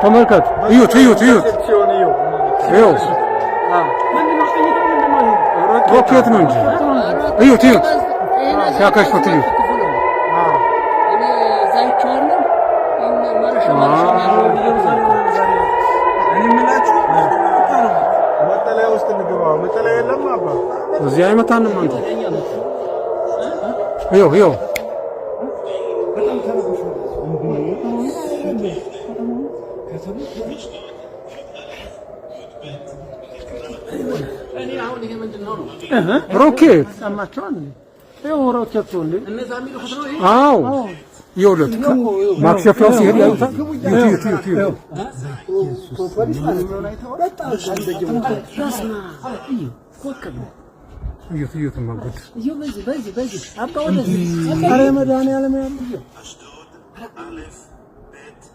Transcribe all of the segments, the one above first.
Tamarkat. Aiuto, aiuto, aiuto. Sezione io. Io. Ah. Rocky atmanji. Aiuto, aiuto. Yaklaş batırıyor. እዚህ አይመታንም አንተ ይኸው ይኸው አይደለትም። ሮኬት ሰማቸዋል። ሮኬት የሁለት ማክሸፊያው ሲሄድ ያዩታል። ዩቱ ዩቱ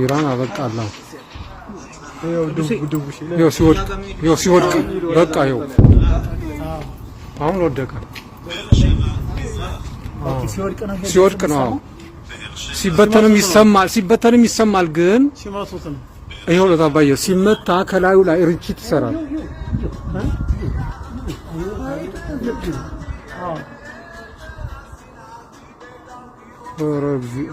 ኢራን አበቃላት። ይኸው ሲወድቅ በቃ ይኸው አሁን ወደቀ። ሲወድቅ ነው። ሲበተንም ይሰማል፣ ሲበተንም ይሰማል። ግን ይኸው ለታባየ ሲመታ ከላዩ ላይ ርችት ይሰራል። ኧረ እግዚኦ